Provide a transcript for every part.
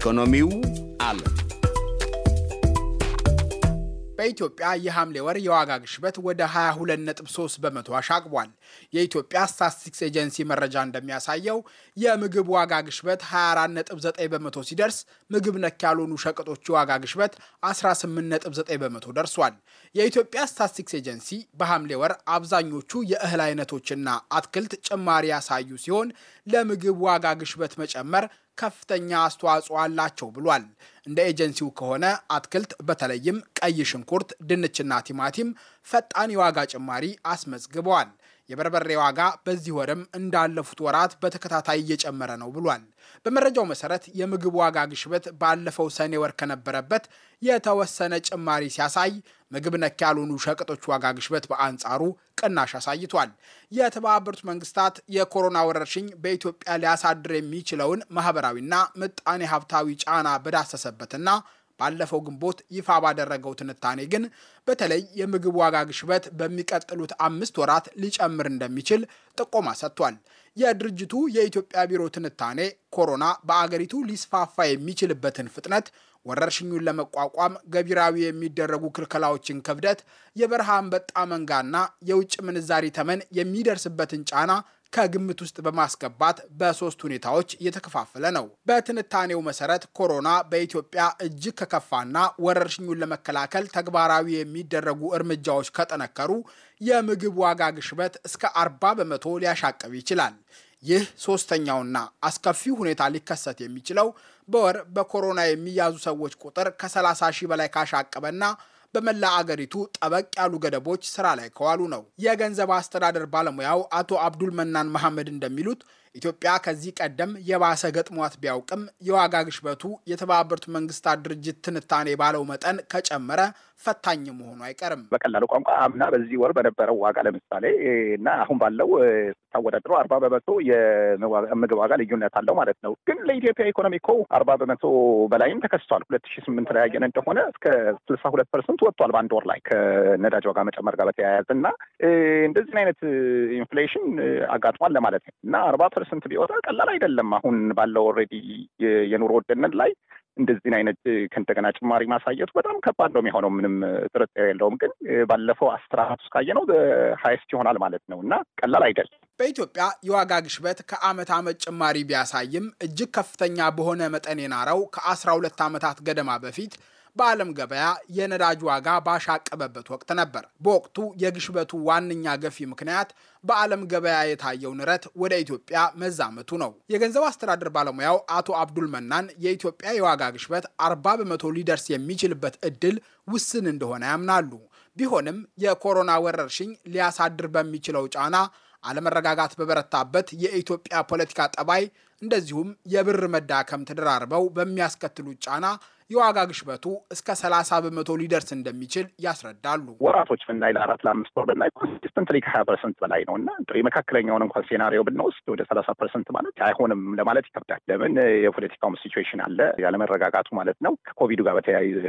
ኢኮኖሚው አለ። በኢትዮጵያ የሐምሌ ወር የዋጋ ግሽበት ወደ 22.3 በመቶ አሻቅቧል። የኢትዮጵያ ስታትስቲክስ ኤጀንሲ መረጃ እንደሚያሳየው የምግብ ዋጋ ግሽበት 24.9 በመቶ ሲደርስ ምግብ ነክ ያልሆኑ ሸቀጦች የዋጋ ግሽበት 18.9 በመቶ ደርሷል። የኢትዮጵያ ስታትስቲክስ ኤጀንሲ በሐምሌ ወር አብዛኞቹ የእህል አይነቶችና አትክልት ጭማሪ ያሳዩ ሲሆን ለምግብ ዋጋ ግሽበት መጨመር ከፍተኛ አስተዋጽኦ አላቸው ብሏል። እንደ ኤጀንሲው ከሆነ አትክልት በተለይም ቀይ ሽንኩርት፣ ድንችና ቲማቲም ፈጣን የዋጋ ጭማሪ አስመዝግበዋል። የበርበሬ ዋጋ በዚህ ወርም እንዳለፉት ወራት በተከታታይ እየጨመረ ነው ብሏል። በመረጃው መሰረት የምግብ ዋጋ ግሽበት ባለፈው ሰኔ ወር ከነበረበት የተወሰነ ጭማሪ ሲያሳይ ምግብ ነክ ያልሆኑ ሸቀጦች ዋጋ ግሽበት በአንጻሩ ቅናሽ አሳይቷል። የተባበሩት መንግስታት የኮሮና ወረርሽኝ በኢትዮጵያ ሊያሳድር የሚችለውን ማህበራዊና ምጣኔ ሀብታዊ ጫና በዳሰሰበትና ባለፈው ግንቦት ይፋ ባደረገው ትንታኔ ግን በተለይ የምግብ ዋጋ ግሽበት በሚቀጥሉት አምስት ወራት ሊጨምር እንደሚችል ጥቆማ ሰጥቷል። የድርጅቱ የኢትዮጵያ ቢሮ ትንታኔ ኮሮና በአገሪቱ ሊስፋፋ የሚችልበትን ፍጥነት ወረርሽኙን ለመቋቋም ገቢራዊ የሚደረጉ ክልከላዎችን ክብደት፣ የበረሃ አንበጣ መንጋና የውጭ ምንዛሪ ተመን የሚደርስበትን ጫና ከግምት ውስጥ በማስገባት በሶስት ሁኔታዎች እየተከፋፈለ ነው። በትንታኔው መሰረት ኮሮና በኢትዮጵያ እጅግ ከከፋና ወረርሽኙን ለመከላከል ተግባራዊ የሚደረጉ እርምጃዎች ከጠነከሩ የምግብ ዋጋ ግሽበት እስከ 40 በመቶ ሊያሻቅብ ይችላል። ይህ ሶስተኛውና አስከፊው ሁኔታ ሊከሰት የሚችለው በወር በኮሮና የሚያዙ ሰዎች ቁጥር ከ30 ሺህ በላይ ካሻቀበና በመላ አገሪቱ ጠበቅ ያሉ ገደቦች ስራ ላይ ከዋሉ ነው። የገንዘብ አስተዳደር ባለሙያው አቶ አብዱል መናን መሐመድ እንደሚሉት ኢትዮጵያ ከዚህ ቀደም የባሰ ገጥሟት ቢያውቅም የዋጋ ግሽበቱ የተባበሩት መንግስታት ድርጅት ትንታኔ ባለው መጠን ከጨመረ ፈታኝ መሆኑ አይቀርም። በቀላሉ ቋንቋ አምና በዚህ ወር በነበረው ዋጋ ለምሳሌ እና አሁን ባለው ስታወዳድረው አርባ በመቶ የምግብ ዋጋ ልዩነት አለው ማለት ነው። ግን ለኢትዮጵያ ኢኮኖሚ እኮ አርባ በመቶ በላይም ተከስቷል። ሁለት ሺ ስምንት ላይ ያየን እንደሆነ እስከ ስልሳ ሁለት ፐርሰንት ወጥቷል በአንድ ወር ላይ ከነዳጅ ዋጋ መጨመር ጋር በተያያዘ እና እንደዚህን አይነት ኢንፍሌሽን አጋጥሟል ለማለት ነው እና አርባ ፐርሰንት ቢወጣ ቀላል አይደለም። አሁን ባለው ኦልሬዲ የኑሮ ውድነት ላይ እንደዚህን አይነት ከእንደገና ጭማሪ ማሳየቱ በጣም ከባድ ነው የሚሆነው፣ ምንም ጥርጥር የለውም። ግን ባለፈው አስር ዓመት ውስጥ ካየነው ሀይስት ይሆናል ማለት ነው እና ቀላል አይደለም። በኢትዮጵያ የዋጋ ግሽበት ከአመት አመት ጭማሪ ቢያሳይም እጅግ ከፍተኛ በሆነ መጠን የናረው ከአስራ ሁለት ዓመታት ገደማ በፊት በዓለም ገበያ የነዳጅ ዋጋ ባሻቀበበት ወቅት ነበር። በወቅቱ የግሽበቱ ዋነኛ ገፊ ምክንያት በዓለም ገበያ የታየው ንረት ወደ ኢትዮጵያ መዛመቱ ነው። የገንዘብ አስተዳደር ባለሙያው አቶ አብዱል መናን የኢትዮጵያ የዋጋ ግሽበት አርባ በመቶ ሊደርስ የሚችልበት እድል ውስን እንደሆነ ያምናሉ። ቢሆንም የኮሮና ወረርሽኝ ሊያሳድር በሚችለው ጫና አለመረጋጋት በበረታበት የኢትዮጵያ ፖለቲካ ጠባይ እንደዚሁም የብር መዳከም ተደራርበው በሚያስከትሉት ጫና የዋጋ ግሽበቱ እስከ 30 በመቶ ሊደርስ እንደሚችል ያስረዳሉ። ወራቶች ብናይ ለአራት ለአምስት ወር ብናይ ኮንሲስተንትሊ ከሀያ ፐርሰንት በላይ ነው እና የመካከለኛውን እንኳን ሴናሪዮ ብንወስድ ወደ ሰላሳ ፐርሰንት ማለት አይሆንም ለማለት ይከብዳል። ለምን የፖለቲካውም ሲትዌሽን አለ ያለመረጋጋቱ ማለት ነው። ከኮቪዱ ጋር በተያያዘ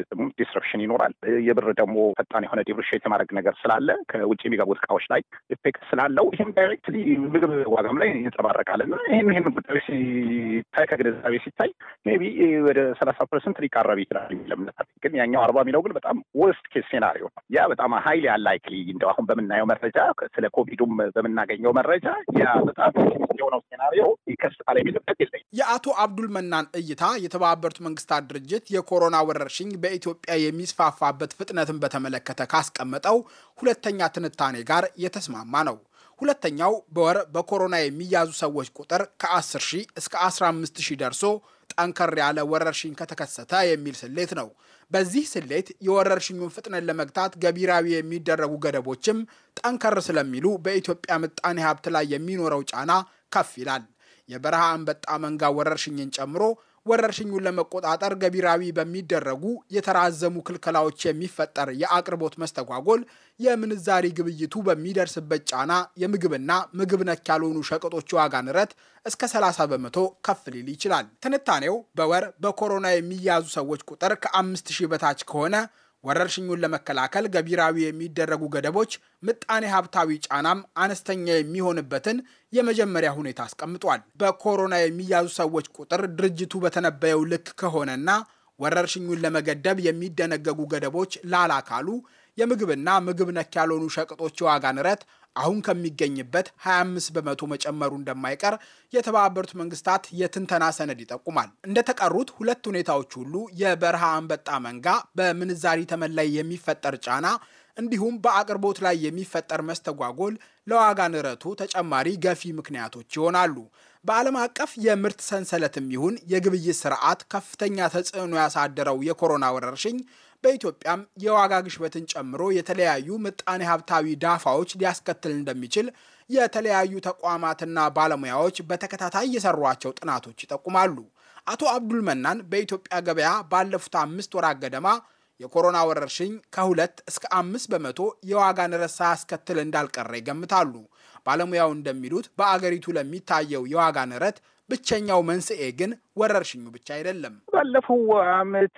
ዲስረፕሽን ይኖራል። የብር ደግሞ ፈጣን የሆነ ዲፕሪሺየት የማድረግ ነገር ስላለ ከውጭ የሚገቡት እቃዎች ላይ ኢፌክት ስላለው ይህም ዳይሬክትሊ ምግብ ዋጋም ላይ ይንጸባረቃል እና ይህን ይህን ጉዳዩ ሲታይ ከግንዛቤ ሲታይ ሜይ ቢ ወደ ሰላሳ ፐርሰንት ሊቃረ ሊቀረብ ይችላል የሚል እምነት አለኝ። ግን ያኛው አርባ የሚለው ግን በጣም ወርስት ኬስ ሴናሪዮ ነው። ያ በጣም ሀይል ያለ አይክሊ እንደው አሁን በምናየው መረጃ ስለ ኮቪዱም በምናገኘው መረጃ ያ በጣም የሆነው ሴናሪዮ ይከስታል የሚል እምነት የለኝም። የአቶ አብዱል መናን እይታ የተባበሩት መንግስታት ድርጅት የኮሮና ወረርሽኝ በኢትዮጵያ የሚስፋፋበት ፍጥነትን በተመለከተ ካስቀመጠው ሁለተኛ ትንታኔ ጋር የተስማማ ነው። ሁለተኛው በወር በኮሮና የሚያዙ ሰዎች ቁጥር ከ10 ሺህ እስከ 15 ሺህ ደርሶ ጠንከር ያለ ወረርሽኝ ከተከሰተ የሚል ስሌት ነው። በዚህ ስሌት የወረርሽኙን ፍጥነት ለመግታት ገቢራዊ የሚደረጉ ገደቦችም ጠንከር ስለሚሉ በኢትዮጵያ ምጣኔ ሀብት ላይ የሚኖረው ጫና ከፍ ይላል። የበረሃ አንበጣ መንጋ ወረርሽኝን ጨምሮ ወረርሽኙን ለመቆጣጠር ገቢራዊ በሚደረጉ የተራዘሙ ክልከላዎች የሚፈጠር የአቅርቦት መስተጓጎል የምንዛሪ ግብይቱ በሚደርስበት ጫና የምግብና ምግብ ነክ ያልሆኑ ሸቀጦች ዋጋ ንረት እስከ 30 በመቶ ከፍ ሊል ይችላል። ትንታኔው በወር በኮሮና የሚያዙ ሰዎች ቁጥር ከ ሺህ በታች ከሆነ ወረርሽኙን ለመከላከል ገቢራዊ የሚደረጉ ገደቦች ምጣኔ ሀብታዊ ጫናም አነስተኛ የሚሆንበትን የመጀመሪያ ሁኔታ አስቀምጧል። በኮሮና የሚያዙ ሰዎች ቁጥር ድርጅቱ በተነበየው ልክ ከሆነና ወረርሽኙን ለመገደብ የሚደነገጉ ገደቦች ላላካሉ የምግብና ምግብ ነክ ያልሆኑ ሸቀጦች የዋጋ ንረት አሁን ከሚገኝበት 25 በመቶ መጨመሩ እንደማይቀር የተባበሩት መንግስታት የትንተና ሰነድ ይጠቁማል። እንደተቀሩት ሁለት ሁኔታዎች ሁሉ የበረሃ አንበጣ መንጋ በምንዛሪ ተመን ላይ የሚፈጠር ጫና እንዲሁም በአቅርቦት ላይ የሚፈጠር መስተጓጎል ለዋጋ ንረቱ ተጨማሪ ገፊ ምክንያቶች ይሆናሉ። በዓለም አቀፍ የምርት ሰንሰለትም ይሁን የግብይት ስርዓት ከፍተኛ ተጽዕኖ ያሳደረው የኮሮና ወረርሽኝ በኢትዮጵያም የዋጋ ግሽበትን ጨምሮ የተለያዩ ምጣኔ ሀብታዊ ዳፋዎች ሊያስከትል እንደሚችል የተለያዩ ተቋማትና ባለሙያዎች በተከታታይ የሰሯቸው ጥናቶች ይጠቁማሉ። አቶ አብዱል መናን በኢትዮጵያ ገበያ ባለፉት አምስት ወራት ገደማ የኮሮና ወረርሽኝ ከሁለት እስከ አምስት በመቶ የዋጋ ንረት ሳያስከትል እንዳልቀረ ይገምታሉ። ባለሙያው እንደሚሉት በአገሪቱ ለሚታየው የዋጋ ንረት ብቸኛው መንስኤ ግን ወረርሽኙ ብቻ አይደለም። ባለፈው አመት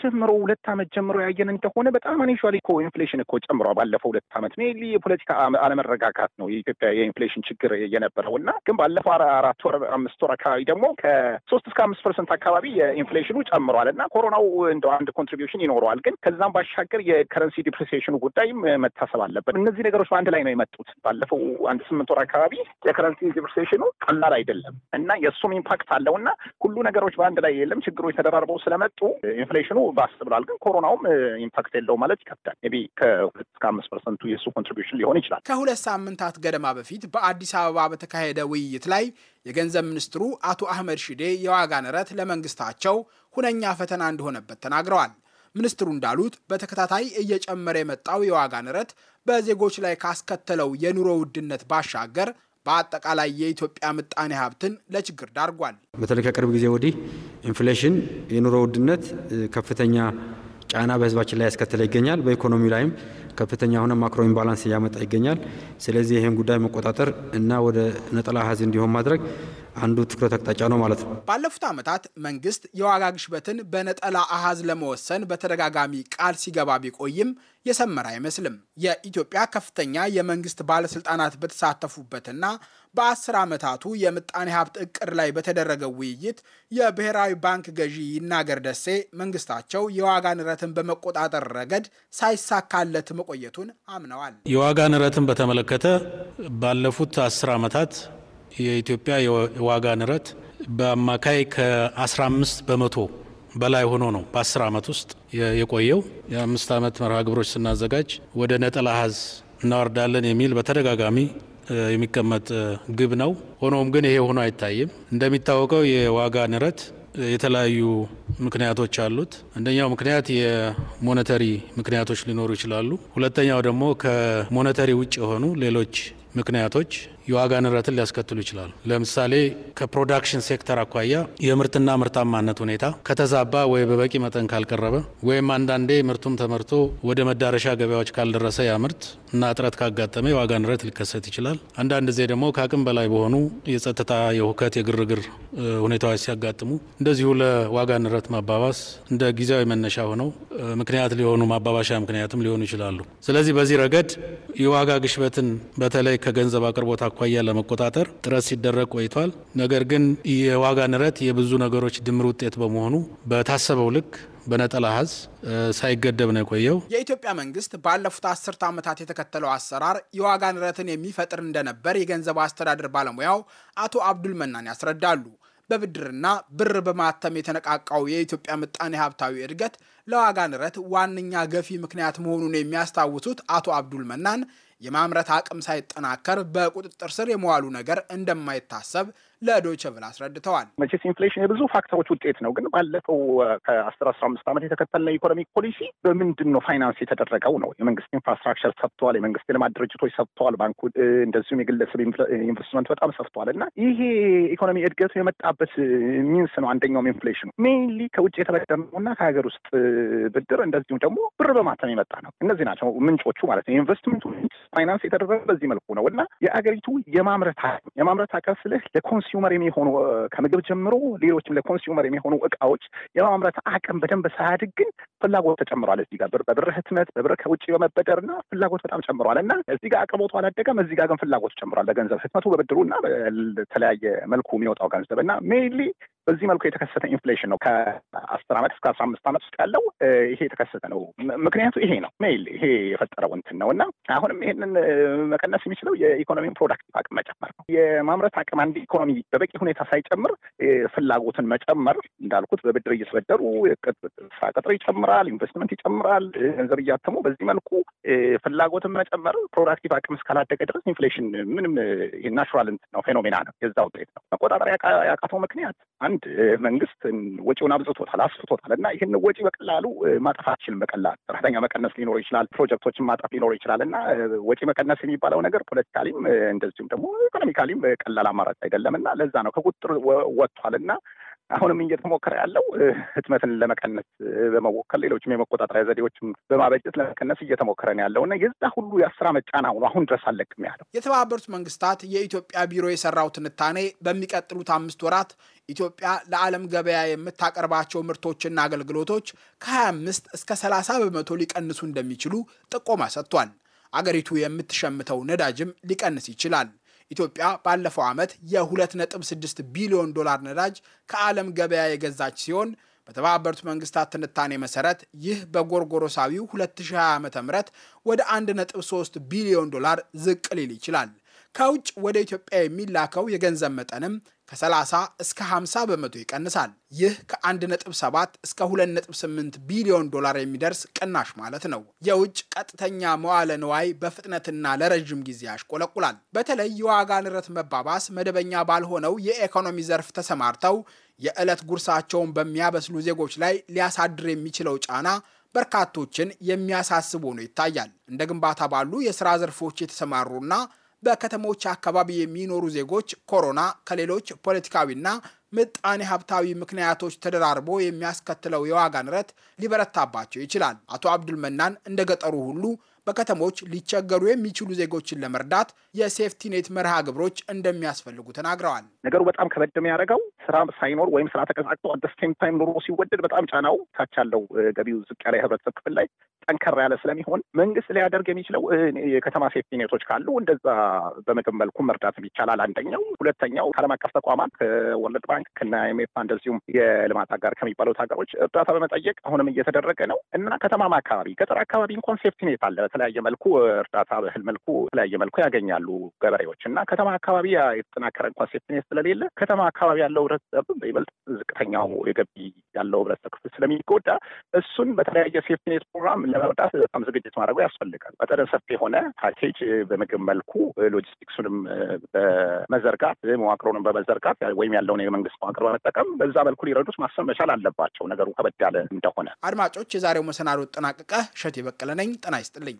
ጀምሮ ሁለት አመት ጀምሮ ያየን እንደሆነ በጣም አኔሿል እኮ ኢንፍሌሽን እኮ ጨምሯ ባለፈው ሁለት አመት ሜይሊ የፖለቲካ አለመረጋጋት ነው የኢትዮጵያ የኢንፍሌሽን ችግር የነበረው እና ግን ባለፈው አራት ወር አምስት ወር አካባቢ ደግሞ ከሶስት እስከ አምስት ፐርሰንት አካባቢ የኢንፍሌሽኑ ጨምሯል እና ኮሮናው እንደ አንድ ኮንትሪቢሽን ይኖረዋል። ግን ከዛም ባሻገር የከረንሲ ዲፕሬሲሽኑ ጉዳይም መታሰብ አለበት። እነዚህ ነገሮች በአንድ ላይ ነው የመጡት። ባለፈው አንድ ስምንት ወር አካባቢ የከረንሲ ዲፕሬሲሽኑ ቀላል አይደለም እና የእሱም ኢምፓክት አለው እና ሁሉ ነገሮች በአንድ ላይ የለም። ችግሮች ተደራርበው ስለመጡ ኢንፍሌሽኑ ባስ ብላል። ግን ኮሮናውም ኢምፓክት የለው ማለት ይከብዳል። ቢ ከሁለት እስከ አምስት ፐርሰንቱ የእሱ ኮንትሪቢሽን ሊሆን ይችላል። ከሁለት ሳምንታት ገደማ በፊት በአዲስ አበባ በተካሄደ ውይይት ላይ የገንዘብ ሚኒስትሩ አቶ አህመድ ሺዴ የዋጋ ንረት ለመንግስታቸው ሁነኛ ፈተና እንደሆነበት ተናግረዋል። ሚኒስትሩ እንዳሉት በተከታታይ እየጨመረ የመጣው የዋጋ ንረት በዜጎች ላይ ካስከተለው የኑሮ ውድነት ባሻገር በአጠቃላይ የኢትዮጵያ ምጣኔ ሀብትን ለችግር ዳርጓል። በተለይ ከቅርብ ጊዜ ወዲህ ኢንፍሌሽን፣ የኑሮ ውድነት ከፍተኛ ጫና በህዝባችን ላይ ያስከተለ ይገኛል። በኢኮኖሚው ላይም ከፍተኛ የሆነ ማክሮ ኢምባላንስ እያመጣ ይገኛል። ስለዚህ ይህን ጉዳይ መቆጣጠር እና ወደ ነጠላ አሃዝ እንዲሆን ማድረግ አንዱ ትኩረት አቅጣጫ ነው ማለት ነው። ባለፉት ዓመታት መንግስት የዋጋ ግሽበትን በነጠላ አሃዝ ለመወሰን በተደጋጋሚ ቃል ሲገባ ቢቆይም የሰመረ አይመስልም። የኢትዮጵያ ከፍተኛ የመንግስት ባለስልጣናት በተሳተፉበትና በአስር ዓመታቱ የምጣኔ ሀብት እቅድ ላይ በተደረገው ውይይት የብሔራዊ ባንክ ገዢ ይናገር ደሴ መንግስታቸው የዋጋ ንረትን በመቆጣጠር ረገድ ሳይሳካለት መቆየቱን አምነዋል። የዋጋ ንረትን በተመለከተ ባለፉት አስር ዓመታት የኢትዮጵያ የዋጋ ንረት በአማካይ ከ15 በመቶ በላይ ሆኖ ነው በ10 ዓመት ውስጥ የቆየው። የአምስት ዓመት መርሃ ግብሮች ስናዘጋጅ ወደ ነጠላ አሃዝ እናወርዳለን የሚል በተደጋጋሚ የሚቀመጥ ግብ ነው። ሆኖም ግን ይሄ ሆኖ አይታይም። እንደሚታወቀው የዋጋ ንረት የተለያዩ ምክንያቶች አሉት። አንደኛው ምክንያት የሞኔተሪ ምክንያቶች ሊኖሩ ይችላሉ። ሁለተኛው ደግሞ ከሞኔተሪ ውጭ የሆኑ ሌሎች ምክንያቶች የዋጋ ንረትን ሊያስከትሉ ይችላሉ። ለምሳሌ ከፕሮዳክሽን ሴክተር አኳያ የምርትና ምርታማነት ሁኔታ ከተዛባ ወይ በበቂ መጠን ካልቀረበ ወይም አንዳንዴ ምርቱም ተመርቶ ወደ መዳረሻ ገበያዎች ካልደረሰ ያ ምርት እና እጥረት ካጋጠመ የዋጋ ንረት ሊከሰት ይችላል። አንዳንድ ጊዜ ደግሞ ከአቅም በላይ በሆኑ የጸጥታ፣ የሁከት፣ የግርግር ሁኔታዎች ሲያጋጥሙ እንደዚሁ ለዋጋ ንረት ማባባስ እንደ ጊዜያዊ መነሻ ሆነው ምክንያት ሊሆኑ ማባባሻ ምክንያትም ሊሆኑ ይችላሉ። ስለዚህ በዚህ ረገድ የዋጋ ግሽበትን በተለይ ከገንዘብ አቅርቦት አኳያ ለመቆጣጠር ጥረት ሲደረግ ቆይቷል። ነገር ግን የዋጋ ንረት የብዙ ነገሮች ድምር ውጤት በመሆኑ በታሰበው ልክ በነጠላ ሀዝ ሳይገደብ ነው የቆየው። የኢትዮጵያ መንግስት ባለፉት አስርተ ዓመታት የተከተለው አሰራር የዋጋ ንረትን የሚፈጥር እንደነበር የገንዘብ አስተዳደር ባለሙያው አቶ አብዱል መናን ያስረዳሉ። በብድርና ብር በማተም የተነቃቃው የኢትዮጵያ ምጣኔ ሀብታዊ እድገት ለዋጋ ንረት ዋነኛ ገፊ ምክንያት መሆኑን የሚያስታውሱት አቶ አብዱል መናን የማምረት አቅም ሳይጠናከር በቁጥጥር ስር የመዋሉ ነገር እንደማይታሰብ ለዶይቸ ቬለ አስረድተዋል። መቼስ ኢንፍሌሽን የብዙ ፋክተሮች ውጤት ነው። ግን ባለፈው ከአስር አስራ አምስት ዓመት የተከተልነው የኢኮኖሚክ ፖሊሲ በምንድን ነው ፋይናንስ የተደረገው ነው። የመንግስት ኢንፍራስትራክቸር ሰፍተዋል፣ የመንግስት ልማት ድርጅቶች ሰፍተዋል፣ ባንኩ እንደዚሁም የግለሰብ ኢንቨስትመንት በጣም ሰፍተዋል። እና ይሄ ኢኮኖሚ እድገቱ የመጣበት ሚንስ ነው። አንደኛውም ኢንፍሌሽኑ ሜይንሊ ከውጭ እና ከሀገር ውስጥ ብድር እንደዚሁም ደግሞ ብር በማተም የመጣ ነው። እነዚህ ናቸው ምንጮቹ ማለት ነው። ኢንቨስትመንቱ ፋይናንስ የተደረገ በዚህ መልኩ ነው እና የአገሪቱ የማምረት የማምረት አቅም ስልህ ለኮንስ ለኮንሱመር የሚሆኑ ከምግብ ጀምሮ ሌሎችም ለኮንሱመር የሚሆኑ እቃዎች የማምረት አቅም በደንብ ሳያድግ ግን ፍላጎት ተጨምሯል። እዚህ ጋር በብር ህትመት፣ በብር ከውጭ በመበደር እና ፍላጎት በጣም ጨምሯል እና እዚህ ጋር አቅርቦቱ አላደገም። እዚህ ጋር ግን ፍላጎት ጨምሯል። በገንዘብ ህትመቱ፣ በብድሩ እና በተለያየ መልኩ የሚወጣው ገንዘብ እና ሜይንሊ በዚህ መልኩ የተከሰተ ኢንፍሌሽን ነው። ከአስር ዓመት እስከ አስራ አምስት ዓመት ውስጥ ያለው ይሄ የተከሰተ ነው። ምክንያቱ ይሄ ነው። ሜይል ይሄ የፈጠረው እንትን ነው እና አሁንም ይሄንን መቀነስ የሚችለው የኢኮኖሚን ፕሮዳክቲቭ አቅም መጨመር ነው። የማምረት አቅም አንድ ኢኮኖሚ በበቂ ሁኔታ ሳይጨምር ፍላጎትን መጨመር እንዳልኩት፣ በብድር እየተበደሩ ስራ ቅጥር ይጨምራል፣ ኢንቨስትመንት ይጨምራል፣ ገንዘብ እያተሙ በዚህ መልኩ ፍላጎትን መጨመር ፕሮዳክቲቭ አቅም እስካላደገ ድረስ ኢንፍሌሽን ምንም ናቹራል እንትን ነው፣ ፌኖሜና ነው፣ የዛ ውጤት ነው። መቆጣጠር ያቃተው ምክንያት ፐርሰንት መንግስት ወጪውን አብዝቶታል፣ አስፍቶታል እና ይህን ወጪ በቀላሉ ማጠፍ አችልም። በቀላል ሰራተኛ መቀነስ ሊኖር ይችላል፣ ፕሮጀክቶችን ማጠፍ ሊኖር ይችላል እና ወጪ መቀነስ የሚባለው ነገር ፖለቲካሊም እንደዚሁም ደግሞ ኢኮኖሚካሊም ቀላል አማራጭ አይደለም እና ለዛ ነው ከቁጥጥር ወጥቷል እና አሁንም እየተሞከረ ያለው ህትመትን ለመቀነስ በመወከል ሌሎችም የመቆጣጠሪያ ዘዴዎችም በማበጀት ለመቀነስ እየተሞከረ ነው ያለው እና የዛ ሁሉ የአስር ዓመት ጫና ሆኖ አሁን ድረስ አለቅም ያለው የተባበሩት መንግስታት የኢትዮጵያ ቢሮ የሰራው ትንታኔ በሚቀጥሉት አምስት ወራት ኢትዮጵያ ለዓለም ገበያ የምታቀርባቸው ምርቶችና አገልግሎቶች ከ25 እስከ 30 በመቶ ሊቀንሱ እንደሚችሉ ጥቆማ ሰጥቷል። አገሪቱ የምትሸምተው ነዳጅም ሊቀንስ ይችላል። ኢትዮጵያ ባለፈው ዓመት የ2.6 ቢሊዮን ዶላር ነዳጅ ከዓለም ገበያ የገዛች ሲሆን በተባበሩት መንግስታት ትንታኔ መሰረት ይህ በጎርጎሮሳዊው 2020 ዓ ም ወደ 1.3 ቢሊዮን ዶላር ዝቅ ሊል ይችላል። ከውጭ ወደ ኢትዮጵያ የሚላከው የገንዘብ መጠንም ከ30 እስከ 50 በመቶ ይቀንሳል። ይህ ከ1.7 እስከ 2.8 ቢሊዮን ዶላር የሚደርስ ቅናሽ ማለት ነው። የውጭ ቀጥተኛ መዋለ ንዋይ በፍጥነትና ለረዥም ጊዜ ያሽቆለቁላል። በተለይ የዋጋ ንረት መባባስ መደበኛ ባልሆነው የኢኮኖሚ ዘርፍ ተሰማርተው የዕለት ጉርሳቸውን በሚያበስሉ ዜጎች ላይ ሊያሳድር የሚችለው ጫና በርካቶችን የሚያሳስብ ሆኖ ይታያል። እንደ ግንባታ ባሉ የሥራ ዘርፎች የተሰማሩና በከተሞች አካባቢ የሚኖሩ ዜጎች ኮሮና ከሌሎች ፖለቲካዊና ምጣኔ ሀብታዊ ምክንያቶች ተደራርቦ የሚያስከትለው የዋጋ ንረት ሊበረታባቸው ይችላል። አቶ አብዱል መናን እንደ ገጠሩ ሁሉ በከተሞች ሊቸገሩ የሚችሉ ዜጎችን ለመርዳት የሴፍቲኔት መርሃ ግብሮች እንደሚያስፈልጉ ተናግረዋል። ነገሩ በጣም ከበድ የሚያደርገው ስራ ሳይኖር ወይም ስራ ተቀዛቅቶ አደስቴም ታይም ኑሮ ሲወደድ በጣም ጫናው ታች ያለው ገቢው ዝቅ ያለ የህብረተሰብ ክፍል ላይ ጠንከር ያለ ስለሚሆን መንግስት ሊያደርግ የሚችለው የከተማ ሴፍቲ ኔቶች ካሉ እንደዛ በምግብ መልኩ መርዳት ይቻላል። አንደኛው። ሁለተኛው ከዓለም አቀፍ ተቋማት ከወርልድ ባንክ ከና ኤምኤፍ እንደዚሁም የልማት አጋር ከሚባሉት ሀገሮች እርዳታ በመጠየቅ አሁንም እየተደረገ ነው እና ከተማማ አካባቢ ገጠር አካባቢ እንኳን ሴፍቲ ኔት አለ። በተለያየ መልኩ እርዳታ በእህል መልኩ በተለያየ መልኩ ያገኛሉ ገበሬዎች እና ከተማ አካባቢ የተጠናከረ እንኳን ሴፍቲ ኔት ስለሌለ ከተማ አካባቢ ያለው ህብረተሰብ ይበልጥ ዝቅተኛው የገቢ ያለው ህብረተሰብ ክፍል ስለሚጎዳ እሱን በተለያየ ሴፍቲ ኔት ፕሮግራም ለመርዳት በጣም ዝግጅት ማድረጉ ያስፈልጋል። በጠረን ሰፊ የሆነ ፓኬጅ በምግብ መልኩ ሎጂስቲክሱንም በመዘርጋት መዋቅሮንም በመዘርጋት ወይም ያለውን የመንግስት መዋቅር በመጠቀም በዛ መልኩ ሊረዱት ማሰብ መቻል አለባቸው። ነገሩ ከበድ ያለ እንደሆነ አድማጮች፣ የዛሬው መሰናዶ ጠናቀቀ። እሸቴ በቀለ ነኝ። ጤና ይስጥልኝ።